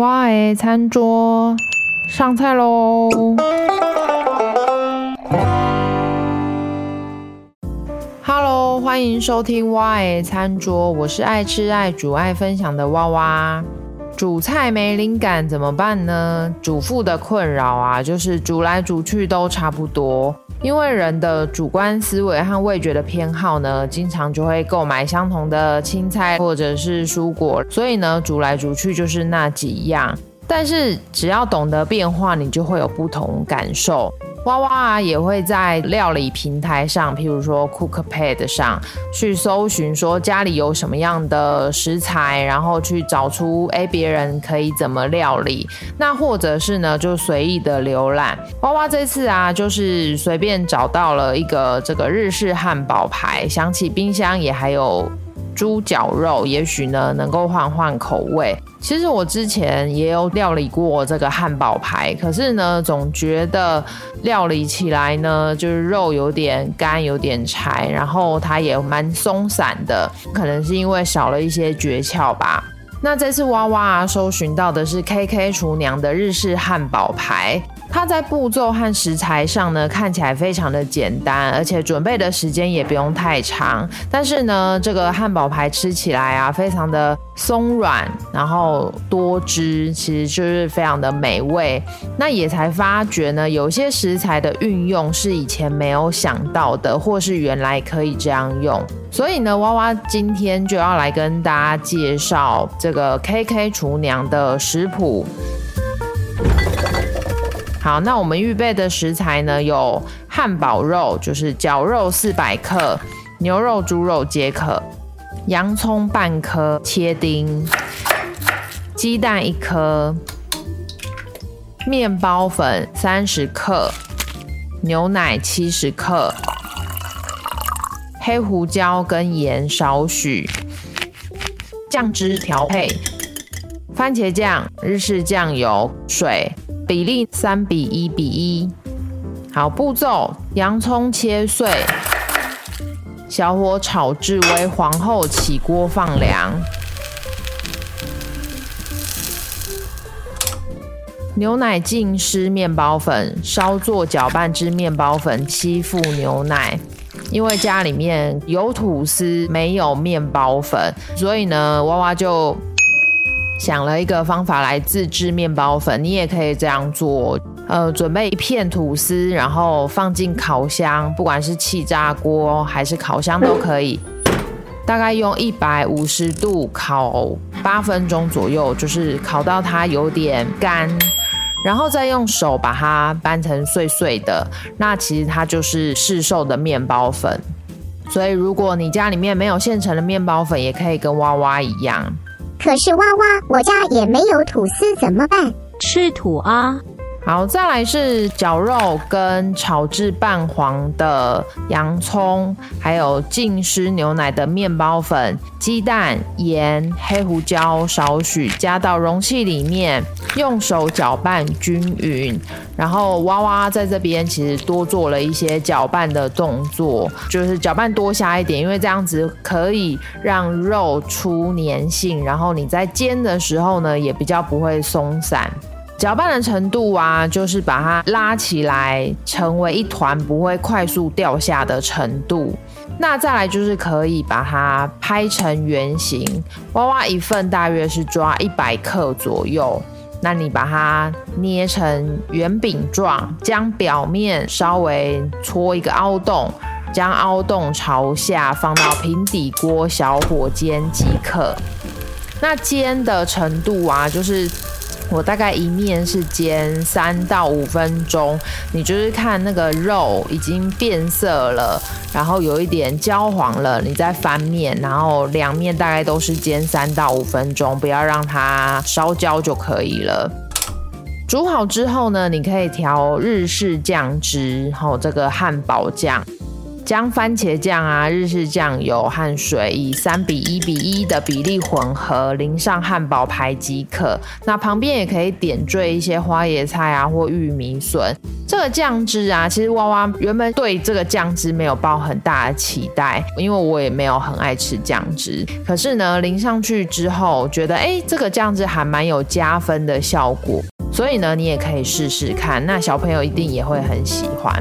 蛙的餐桌，上菜嘍！Hello，歡迎收聽蛙的餐桌，我是愛吃、愛煮、愛分享的蛙蛙。煮菜沒靈感怎麼辦呢？主婦的困擾啊，就是煮來煮去都差不多。因為人的主觀思維和味覺的偏好呢，經常就會購買相同的青菜或者是蔬果，所以呢，煮來煮去就是那幾樣。但是只要懂得變化，你就會有不同感受。蛙蛙啊也會在料理平台上，譬如說 Cookpad 上去搜尋，說家裡有什麼樣的食材，然後去找出哎別人可以怎麼料理。那或者是呢，就隨意的瀏覽。蛙蛙這次啊，就是隨便找到了一個這個日式漢堡排，想起冰箱也還有，豬絞肉，也許呢能夠換換口味。其實我之前也有料理過這個漢堡排，可是呢總覺得料理起來呢，就是肉有點乾，有點柴，然後它也蠻鬆散的，可能是因為少了一些訣竅吧。那這次蛙蛙啊，搜尋到的是 KK 廚娘的日式漢堡排。它在步驟和食材上呢，看起來非常的簡單，而且準備的時間也不用太長。但是呢，這個漢堡排吃起來啊，非常的鬆軟，然後多汁，其實就是非常的美味。那也才發覺呢，有些食材的運用是以前沒有想到的，或是原來可以這樣用。所以呢，蛙蛙今天就要來跟大家介紹這個 KK 廚娘的食譜。好，那我們預備的食材呢，有漢堡肉，就是絞肉四百克，牛肉、豬肉皆可；洋蔥半顆切丁；雞蛋一顆；麵包粉三十克；牛奶七十克；黑胡椒跟鹽少許；醬汁調配：番茄醬、日式醬油、水。比例三比一比一，好，步驟：洋蔥切碎，小火炒至微黃後起鍋放涼。牛奶浸濕麵包粉，稍作攪拌至麵包粉吸附牛奶。因為家裡面有吐司沒有麵包粉，所以呢，蛙蛙就，想了一個方法來自制麵包粉，你也可以這樣做。呃，準備一片吐司，然後放進烤箱，不管是氣炸鍋還是烤箱都可以。大概用一百五十度烤八分鐘左右，就是烤到它有點乾，然後再用手把它掰成碎碎的。那其實它就是市售的麵包粉。所以如果你家裡面沒有現成的麵包粉，也可以跟蛙蛙一樣。可是，蛙蛙，我家也沒有吐司，怎麼辦？吃土啊！好，再來是絞肉跟炒至半黃的洋蔥，還有浸濕牛奶的麵包粉、雞蛋、鹽、黑胡椒少許加到容器裡面，用手攪拌均勻。然後蛙蛙在這邊其實多做了一些攪拌的動作，就是攪拌多下一點，因為這樣子可以讓肉出粘性，然後你在煎的時候呢也比較不會鬆散。攪拌的程度啊，就是把它拉起來成為一團不會快速掉下的程度。那再來就是可以把它拍成圓形，蛙蛙一份大約是抓一百克左右。那你把它捏成圓餅狀，將表面稍微戳一個凹洞，將凹洞朝下放到平底鍋小火煎即可。那煎的程度啊，就是。我大概一面是煎三到五分鐘，你就是看那個肉已經變色了，然後有一點焦黃了，你再翻面，然後兩面大概都是煎三到五分鐘，不要讓它燒焦就可以了。煮好之後呢，你可以調日式醬汁，還有這個漢堡醬。將番茄醬啊、日式醬油和水以三比一比一的比例混合，淋上漢堡排即可。那旁邊也可以點綴一些花椰菜啊或玉米筍。這個醬汁啊，其實娃娃原本對這個醬汁沒有抱很大的期待，因為我也沒有很愛吃醬汁。可是呢，淋上去之後，覺得哎、欸，這個醬汁還蠻有加分的效果。所以呢，你也可以試試看，那小朋友一定也會很喜歡。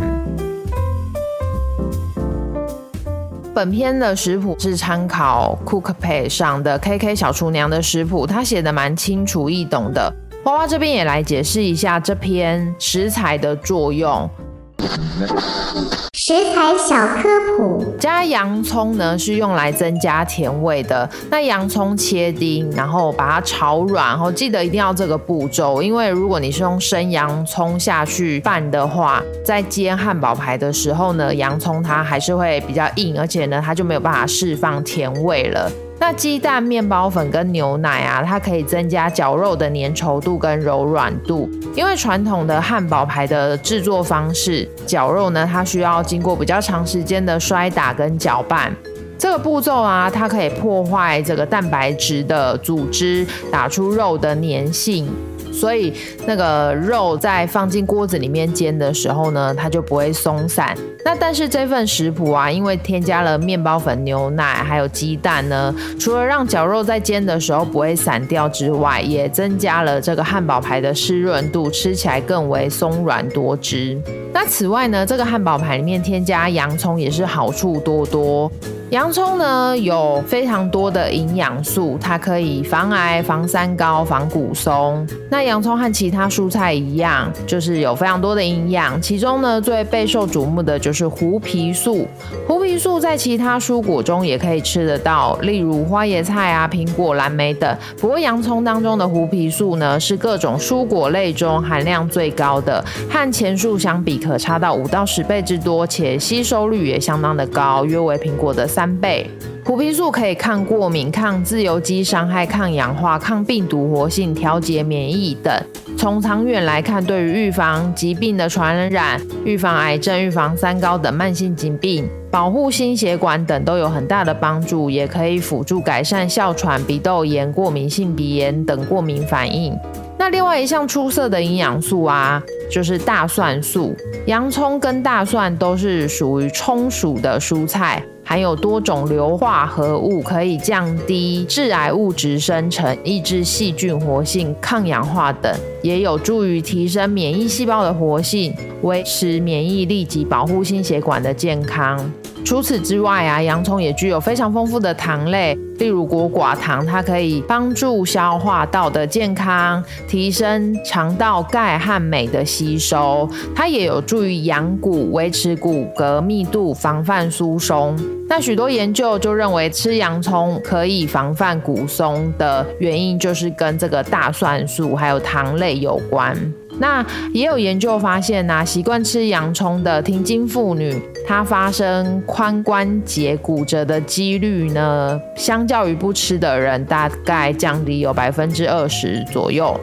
本篇的食譜是參考 Cookpad 上的 KK 小廚娘的食譜，她寫得蠻清楚易懂的。蛙蛙這邊也來解釋一下這篇食材的作用。 食材小科普，加洋蔥呢是用來增加甜味的。那洋蔥切丁，然後把它炒軟，然後記得一定要這個步驟，因為如果你是用生洋蔥下去拌的話，在煎漢堡排的時候呢，洋蔥它還是會比較硬，而且呢，它就沒有辦法釋放甜味了。那雞蛋、麵包粉跟牛奶啊，它可以增加絞肉的粘稠度跟柔軟度。因為傳統的漢堡排的製作方式，絞肉呢，它需要經過比較長時間的摔打跟攪拌。這個步驟啊，它可以破壞這個蛋白質的組織，打出肉的粘性，所以那個肉在放進鍋子裡面煎的時候呢，它就不會鬆散。那但是這份食譜啊，因為添加了麵包粉、牛奶還有雞蛋呢，除了讓絞肉在煎的時候不會散掉之外，也增加了這個漢堡排的濕潤度，吃起來更為鬆軟多汁。那此外呢，這個漢堡排裡面添加洋蔥也是好處多多。洋蔥呢，有非常多的營養素，它可以防癌、防三高、防骨鬆。那洋蔥和其他蔬菜一樣，就是有非常多的營養，其中呢最備受矚目的就是槲皮素。槲皮素在其他蔬果中也可以吃得到，例如花椰菜啊、蘋果、藍莓等。不過洋蔥當中的槲皮素呢是各種蔬果類中含量最高的，和前述相比可差到五到十倍之多，且吸收率也相當的高，約為蘋果的三。三倍，槲皮素可以抗過敏、抗自由基傷害、抗氧化、抗病毒活性、調節免疫等。從長遠來看，對於預防疾病的傳染、預防癌症、預防三高等慢性疾病、保護心血管等都有很大的幫助，也可以輔助改善哮喘、鼻竇炎、過敏性鼻炎等過敏反應。那另外一項出色的營養素啊，就是大蒜素。洋蔥跟大蒜都是屬於蔥屬的蔬菜，含有多種硫化合物，可以降低致癌物質生成、抑制細菌活性、抗氧化等，也有助於提升免疫細胞的活性，維持免疫力及保護心血管的健康。除此之外啊，洋蔥也具有非常豐富的糖類，例如果寡糖，它可以幫助消化道的健康，提升腸道鈣和鎂的吸收。它也有助於養骨，維持骨骼密度，防範疏鬆。那許多研究就認為，吃洋蔥可以防範骨鬆的原因，就是跟這個大蒜素還有糖類有關。那也有研究發現，吶，習慣吃洋蔥的停經婦女，他發生髖關節骨折的幾率呢，相較於不吃的人，大概降低有百分之二十左右。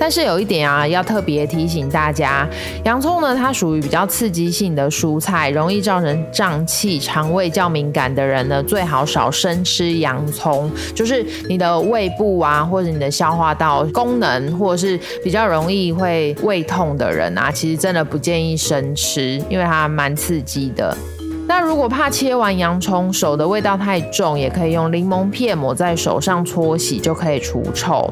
但是有一點啊，要特別提醒大家，洋蔥呢，它屬於比較刺激性的蔬菜，容易造成脹氣。腸胃較敏感的人呢，最好少生吃洋蔥。就是你的胃部啊，或者你的消化道功能，或者是比較容易會胃痛的人啊，其實真的不建議生吃，因為它蠻刺激的。那如果怕切完洋蔥手的味道太重，也可以用檸檬片抹在手上搓洗，就可以除臭。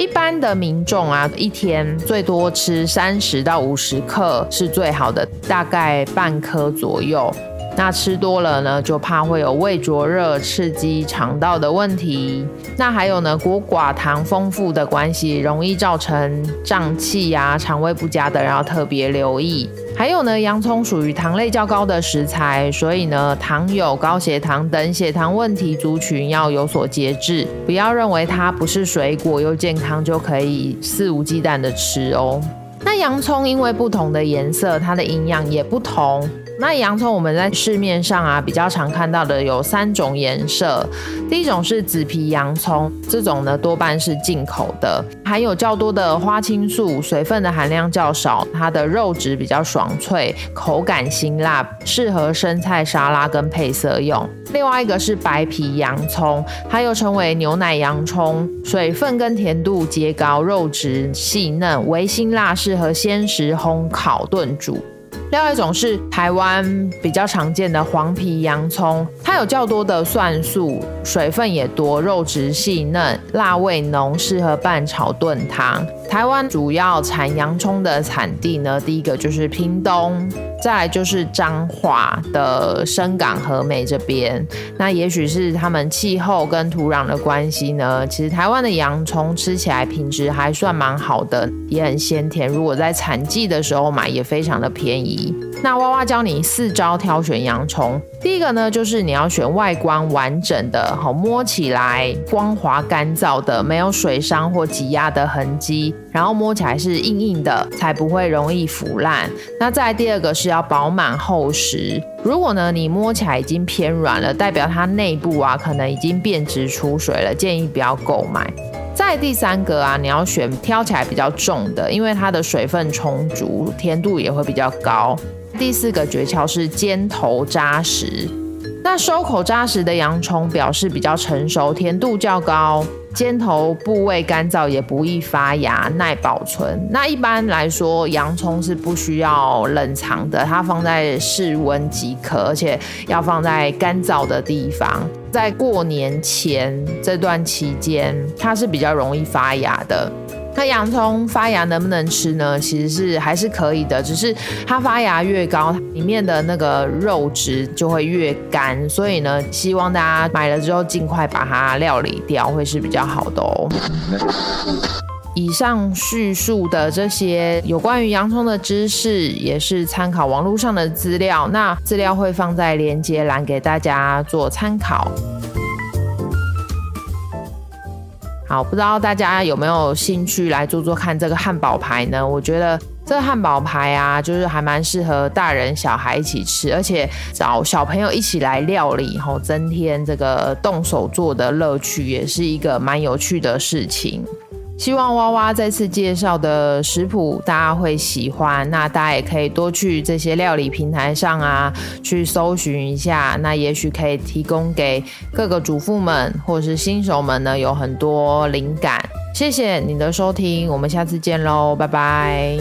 一般的民眾啊，一天最多吃三十到五十克是最好的，大概半顆左右。那吃多了呢，就怕會有胃灼熱、刺激腸道的問題。那還有呢，果寡糖豐富的關係，容易造成脹氣啊、腸胃不佳的，要特別留意。還有呢，洋蔥屬於糖類較高的食材，所以呢，糖友、高血糖等血糖問題族群要有所節制，不要認為它不是水果又健康就可以肆無忌憚的吃哦。那洋蔥因為不同的顏色，它的營養也不同。那洋蔥我們在市面上啊比較常看到的有三種顏色，第一種是紫皮洋蔥，這種呢多半是進口的，含有較多的花青素，水分的含量較少，它的肉質比較爽脆，口感辛辣，適合生菜沙拉跟配色用。另外一個是白皮洋蔥，它又稱為牛奶洋蔥，水分跟甜度皆高，肉質細嫩，微辛辣，適合鮮食、烘烤、燉煮。另外一種是台灣比較常見的黃皮洋蔥，它有較多的蒜素，水分也多，肉質細嫩，辣味濃，適合拌炒燉湯。台灣主要產洋蔥的產地呢，第一個就是屏東，再來就是彰化的深港和美這邊。那也許是他們氣候跟土壤的關係呢，其實台灣的洋蔥吃起來品質還算蠻好的，也很鮮甜。如果在產季的時候買，也非常的便宜。那蛙蛙教你四招挑選洋蔥。第一個呢，就是你要選外觀完整的，好摸起來光滑乾燥的，沒有水傷或擠壓的痕跡，然後摸起來是硬硬的，才不會容易腐爛。那再第二個是要飽滿厚實，如果呢你摸起來已經偏軟了，代表它內部啊可能已經變質出水了，建議不要購買。再第三個啊，你要選挑起來比較重的，因為它的水分充足，甜度也會比較高。第四個訣竅是尖頭扎實，那收口扎實的洋蔥表示比較成熟，甜度較高，尖頭部位乾燥也不易發芽，耐保存。那一般來說，洋蔥是不需要冷藏的，它放在室溫即可，而且要放在乾燥的地方。在過年前這段期間，它是比較容易發芽的。那洋蔥發芽能不能吃呢？其實是還是可以的，只是它發芽越高，裡面的那個肉質就會越乾，所以呢，希望大家買了之後儘快把它料理掉，會是比較好的哦。 以上敘述的這些有關於洋蔥的知識，也是參考網絡上的資料，那資料會放在連結欄給大家做參考。好，不知道大家有沒有興趣來做做看這個漢堡排呢？我覺得這個漢堡排啊，就是還蠻適合大人小孩一起吃，而且找小朋友一起來料理，然後增添這個動手做的樂趣，也是一個蠻有趣的事情。希望蛙蛙再次介紹的食譜大家會喜歡，那大家也可以多去這些料理平台上啊去搜尋一下，那也許可以提供給各個主婦們或是新手們呢有很多靈感。謝謝你的收聽，我們下次見嘍，拜拜。